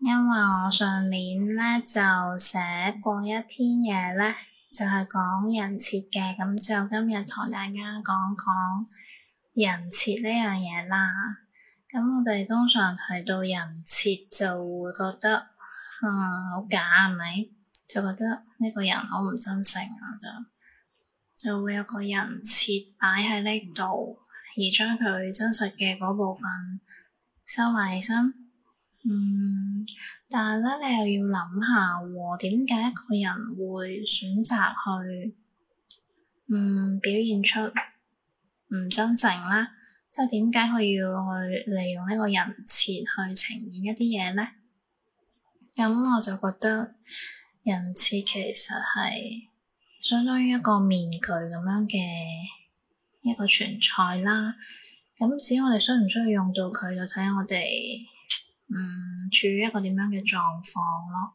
因為我上年咧就寫過一篇嘢咧，就係、是、講人設嘅，咁就今日同大家講講人設呢樣嘢啦。咁我哋通常提到人設就會覺得，嗯，好假係咪？就覺得呢個人好唔真誠啊，就就會有個人設擺喺呢度，而將佢真實嘅嗰部分收埋起身，嗯。但係咧，你又要諗下點解一個人會選擇去唔、嗯、表現出唔真誠啦，即係點解佢要去利用呢個人設去呈現一啲嘢咧？咁我就覺得人設其實係相當於一個面具咁樣嘅一個存在啦。咁至於我哋需唔需要用到佢，就睇我哋。嗯，處於一個點樣嘅狀況咯。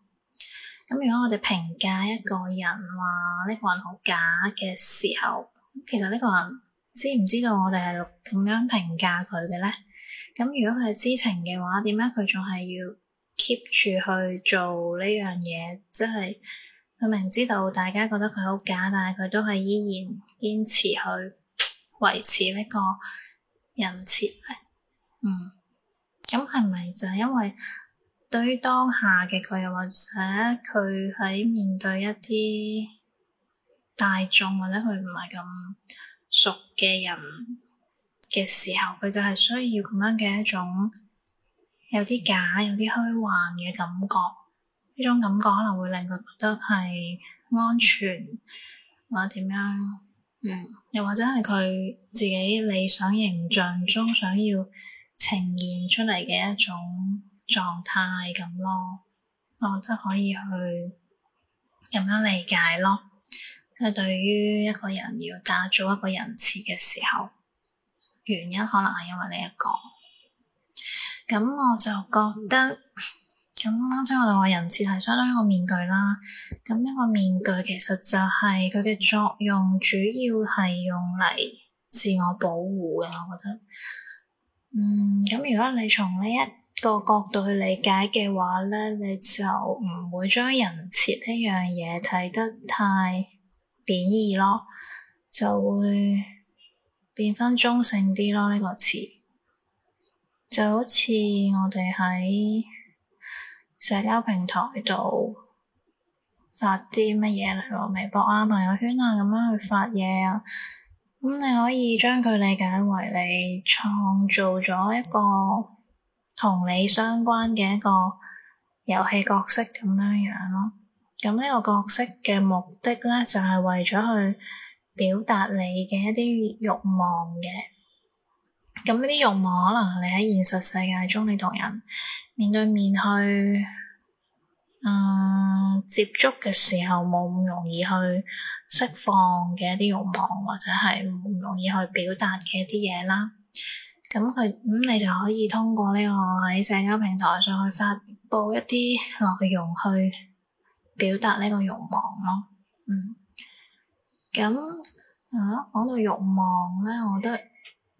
咁如果我哋評價一個人話呢個人好假嘅時候，其實呢個人知唔知道我哋係咁樣評價佢嘅咧？咁如果佢係知情嘅話，點解佢仲係要 keep 住去做呢樣嘢？即係佢明知道大家覺得佢好假，但係佢都係依然堅持去維持呢個人設咧。嗯。咁係咪就係因為對於當下嘅佢，又或者佢喺面對一啲大眾，或者佢唔係咁熟嘅人嘅時候，佢就係需要咁樣嘅一種有啲假、有啲虛幻嘅感覺？呢種感覺可能會令佢覺得係安全，或者點樣？嗯，又或者係佢自己理想形象中想要。呈現出嚟嘅一種狀態咁咯，我覺得可以去咁樣理解咯。即係對於一個人要打造一個人設嘅時候，原因可能係因為呢一個咁，我就覺得咁啱先，我哋話人設係相當於一個面具啦。咁一個面具其實就係佢嘅作用，主要係用嚟自我保護嘅，我覺得。嗯，咁如果你從呢一個角度去理解嘅話咧，你就唔會將人設呢樣嘢睇得太貶義咯，就會變翻中性啲咯呢個詞，就好似我哋喺社交平台度發啲乜嘢嚟咯，微博啊、朋友圈啊咁樣去發嘢啊。咁你可以將佢理解為你創造咗一個同你相關嘅一個遊戲角色咁樣樣咯。咁呢個角色嘅目的咧，就係為咗去表達你嘅一啲慾望嘅。咁呢啲慾望可能你喺現實世界中，你同人面對面去，嗯。接觸嘅時候冇咁容易去釋放嘅一啲慾望，或者係唔容易去表達嘅一啲嘢啦。咁佢咁，你就可以通過呢個喺社交平台上去發布一啲內容去表達呢個慾望咯。嗯，咁啊，講到慾望咧，我覺得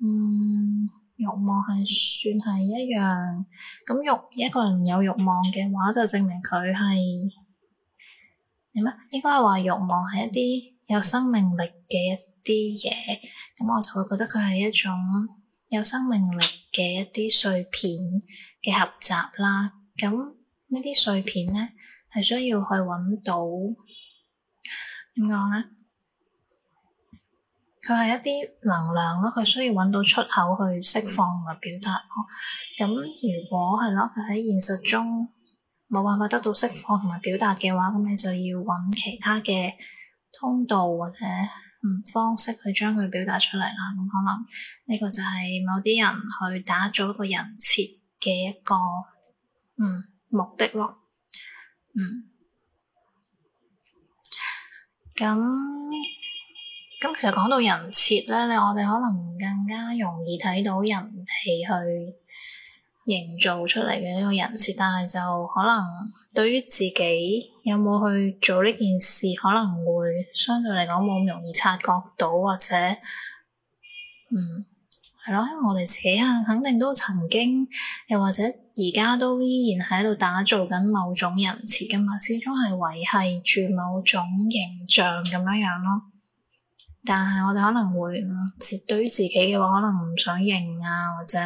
嗯，慾望係算係一樣。咁慾一個人有慾望嘅話，就證明佢係。點啊？應該係話欲望係一啲有生命力嘅一啲嘢，咁我就會覺得佢係一種有生命力嘅一啲碎片嘅合集啦。咁呢啲碎片咧，係需要去揾到點講咧？佢係一啲能量咯，佢需要揾到出口去釋放同埋表達。咁如果係咯，佢喺現實中，冇辦法得到釋放同埋表達嘅話，咁你就要揾其他嘅通道或者嗯方式去將佢表達出嚟啦。咁可能呢個就係某啲人去打造一個人設嘅一個嗯目的咯。嗯，咁咁、嗯、其實講到人設咧，我哋可能更加容易睇到人哋去營造出嚟嘅呢個人設，但係就可能對於自己有冇去做呢件事，可能會相對嚟講冇咁容易察覺到，或者嗯係咯，因為我哋自己啊，肯定都曾經，又或者而家都依然喺度打造緊某種人設噶嘛，始終係維繫住某種形象咁樣樣咯。但係我哋可能會，對於自己嘅話，可能唔想認啊，或者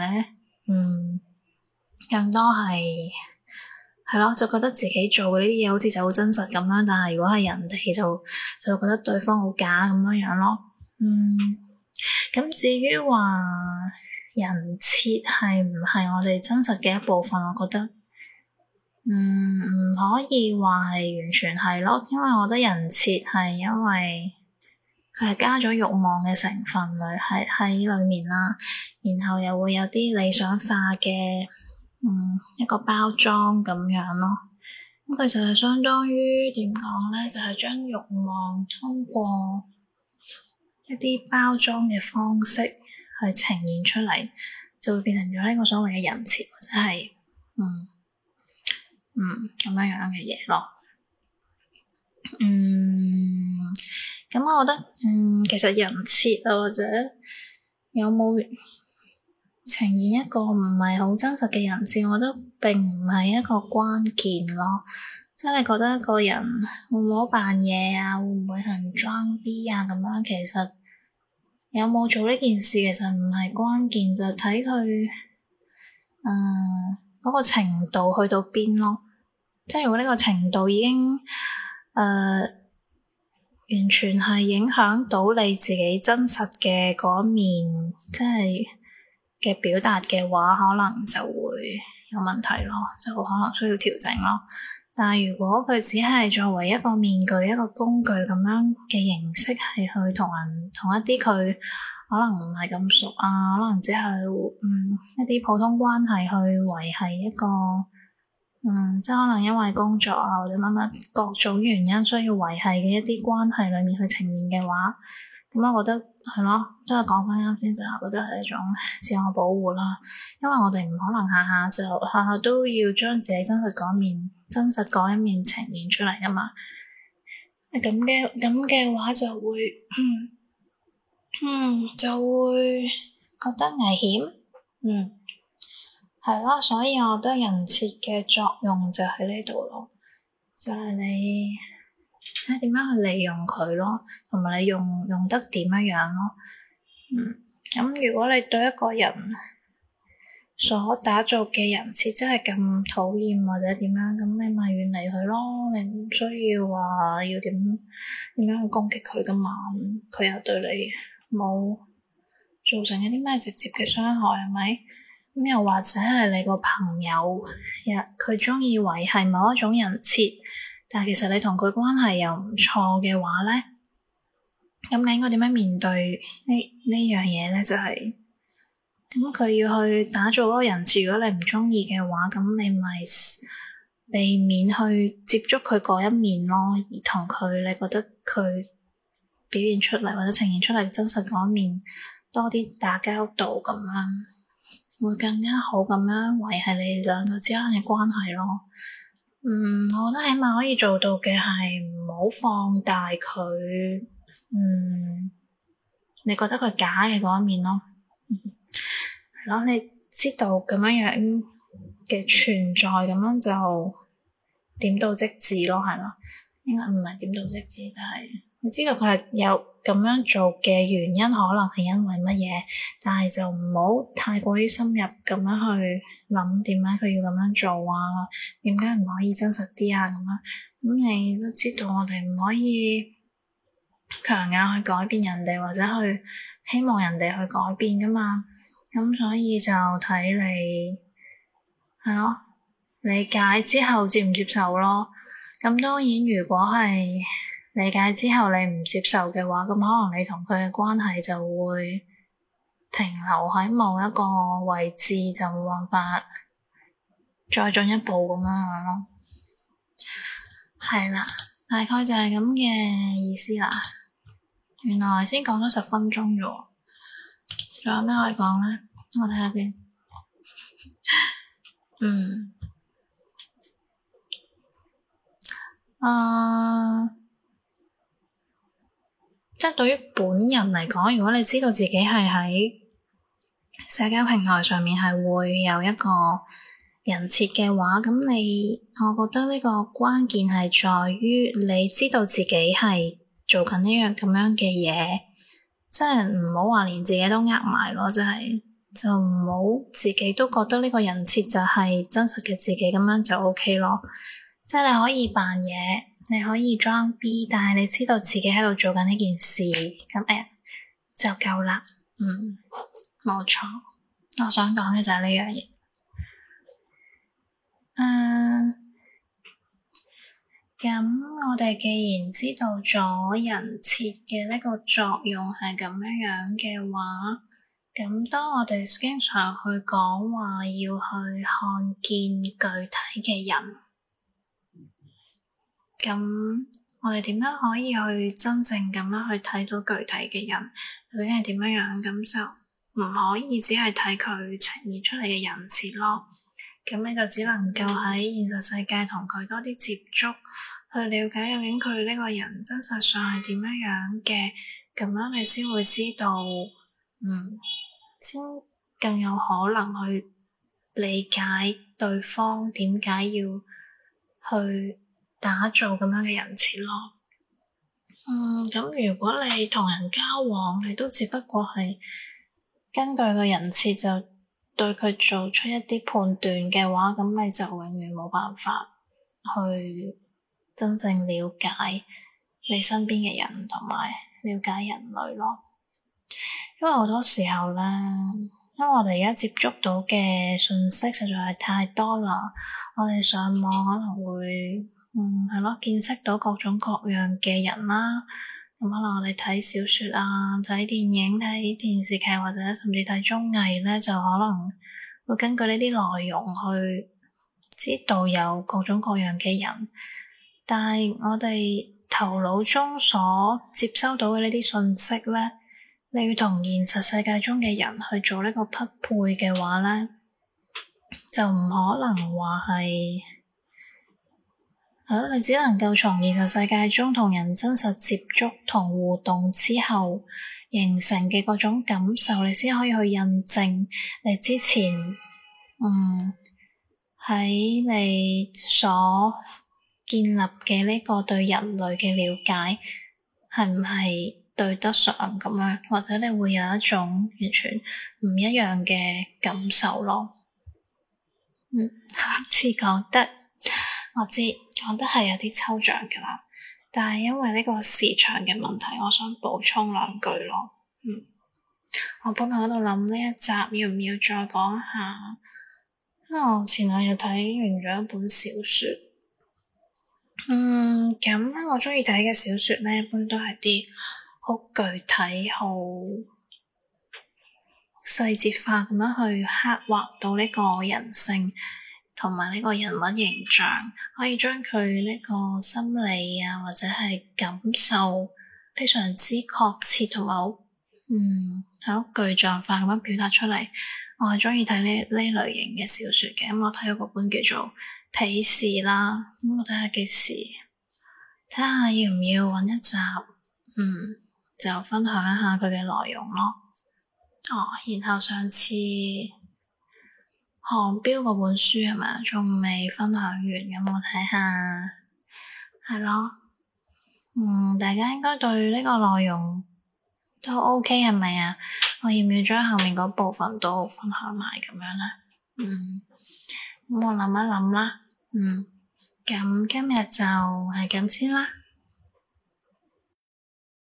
嗯。更多係係咯，就覺得自己做嘅呢啲嘢好似就好真實咁樣。但係如果係人哋就就會覺得對方好假咁樣樣咯。嗯，咁至於話人設係唔係我哋真實嘅一部分，我覺得唔唔，嗯，可以話係完全係咯，因為我覺得人設係因為佢係加咗欲望嘅成分，喺喺裏面啦，然後又會有啲理想化嘅。嗯，一個包裝咁樣咯，咁佢就係相當於點講咧，就係將欲望通過一啲包裝嘅方式去呈現出嚟，就會變成咗呢個所謂嘅人設或者係嗯嗯咁樣樣嘅嘢咯。嗯，咁我覺得嗯，其實人設啊，或者有冇，呈現一個唔係好真實嘅人設，我都並唔係一個關鍵咯。即係你覺得一個人會唔會扮嘢啊，會唔會係裝啲啊咁樣，其實有冇做呢件事其實唔係關鍵，就睇佢誒嗰個程度去到邊咯。即係如果呢個程度已經誒、呃、完全係影響到你自己真實嘅嗰面，即係。嘅表達嘅話，可能就會有問題咯，就可能需要調整咯。但係如果佢只係作為一個面具、一個工具咁樣嘅形式，係去同人同一啲佢可能唔係咁熟啊，可能只係嗯一啲普通關係去維繫一個，嗯，即係可能因為工作啊或者乜乜各種原因需要維繫嘅一啲關係裏面去呈現嘅話。咁我覺得係咯，都係講翻啱先就係覺得係一種自我保護啦，因為我哋唔可能下下就下下都要將自己真實嗰面、真實嗰一面呈現出嚟噶嘛。咁嘅咁嘅話就會嗯，嗯，就會覺得危險。嗯，係咯，所以我覺得人設嘅作用就喺呢度咯，就係、是、你。睇點樣去利用佢咯，同埋你用用得點樣樣咯。嗯，咁如果你對一個人所打造嘅人設真係咁討厭或者點樣，咁你咪遠離佢咯。你唔需要話、啊、要點點樣去攻擊佢噶嘛。佢又對你冇造成一啲咩直接嘅傷害，係咪？咁又或者係你個朋友，又佢中意維繫某一種人設。但係其實你同佢關係又唔錯嘅話咧，咁你應該點樣面對呢呢樣嘢咧？就係咁佢要去打造嗰個人設，如果你唔中意嘅話，咁你咪避免去接觸佢嗰一面咯，而同佢你覺得佢表現出嚟或者呈現出嚟真實嗰一面多啲打交道咁樣，會更加好咁樣維繫你哋兩個之間嘅關係咯。嗯，我覺得起碼可以做到嘅係唔好放大佢，嗯，你覺得佢假嘅嗰一面咯，嗯，係咯，你知道咁樣樣嘅存在，咁樣就點到即止咯，係咯，應該唔係點到即止，就係你知道佢係有。咁樣做嘅原因可能係因為乜嘢？但係就唔好太過於深入咁樣去諗點解佢要咁樣做啊？點解唔可以真實啲啊？咁樣咁、嗯、你都知道，我哋唔可以強硬去改變人哋，或者去希望人哋去改變㗎嘛。咁、嗯、所以就睇你係咯，理解之後接唔接受咯？咁、嗯、當然，如果係理解之後，你唔接受嘅話，咁可能你同佢嘅關係就會停留喺某一個位置，就冇辦法再進一步咁樣咯。係啦，大概就係咁嘅意思啦。原來先講咗十分鐘啫，仲有咩可以講咧？我睇下先。嗯，啊、呃。即係對於本人嚟講，如果你知道自己係喺社交平台上面係會有一個人設嘅話，咁你我覺得呢個關鍵係在於你知道自己係做緊呢樣咁樣嘅嘢，即係唔好話連自己都呃埋咯，即係就係，就唔好自己都覺得呢個人設就係真實嘅自己咁樣就 OK 咯，即係你可以扮嘢。你可以裝 B，但係你知道自己喺度做緊呢件事，咁誒、哎、就夠啦。嗯，冇錯，我想講嘅就係呢樣嘢。嗯、呃，咁我哋既然知道咗人設嘅呢個作用係咁樣樣嘅話，咁當我哋經常去講話要去看見具體嘅人。咁我哋點樣可以去真正咁樣去睇到具體嘅人究竟係點樣樣？咁就唔可以只係睇佢呈現出嚟嘅人設咯。咁你就只能夠喺現實世界同佢多啲接觸，去了解究竟佢呢個人真實上係點樣樣嘅。咁樣你先會知道，嗯，先更有可能去理解對方點解要去。打造咁樣嘅人設咯。嗯，咁如果你同人交往，你都只不過係根據個人設就對佢做出一啲判斷嘅話，咁你就永遠冇辦法去真正了解你身邊嘅人同埋了解人類咯。因為好多時候咧。因為我哋而家接觸到嘅信息實在係太多啦，我哋上網可能會，嗯係咯，見識到各種各樣嘅人啦。咁可能我哋睇小說啊、睇電影、啊、睇電影、啊、電視劇或者甚至睇綜藝咧，就可能會根據呢啲內容去知道有各種各樣嘅人。但係我哋頭腦中所接收到嘅呢啲信息咧，你要同現實世界中嘅人去做呢個匹配嘅話咧，就唔可能話係，係咯，你只能夠從現實世界中同人真實接觸同互動之後形成嘅嗰種感受，你先可以去印證你之前，嗯，喺你所建立嘅呢個對人類嘅了解係唔係？對得上咁樣，或者你會有一種完全唔一樣嘅感受咯。嗯，好似講得我知，講得係有啲抽象嘅啦。但係因為呢個時長嘅問題，我想補充兩句咯。嗯，我本來喺度諗呢一集要唔要再講一下，因為我前兩日睇完咗一本小說。嗯，咁我中意睇嘅小說咧，一般都係啲。好具體、好細節化咁樣去刻畫到呢個人性，同埋呢個人物形象，可以將佢呢個心理啊，或者係感受，非常之確切，同埋好嗯，好具象化咁樣表達出嚟。我係中意睇呢呢類型嘅小說嘅，咁、嗯、我睇咗嗰本叫做《鄙視》啦，咁、嗯、我睇下幾時，睇下要唔要搵一集，嗯。就分享一下佢嘅內容咯。哦，然後上次航標嗰本書係咪仲未分享完？有冇睇下係咯。嗯，大家應該對呢個內容都 OK 係咪啊？我要唔要將後面嗰部分都分享埋咁樣咧？嗯，咁我諗一諗啦。嗯，咁今日就係咁先啦。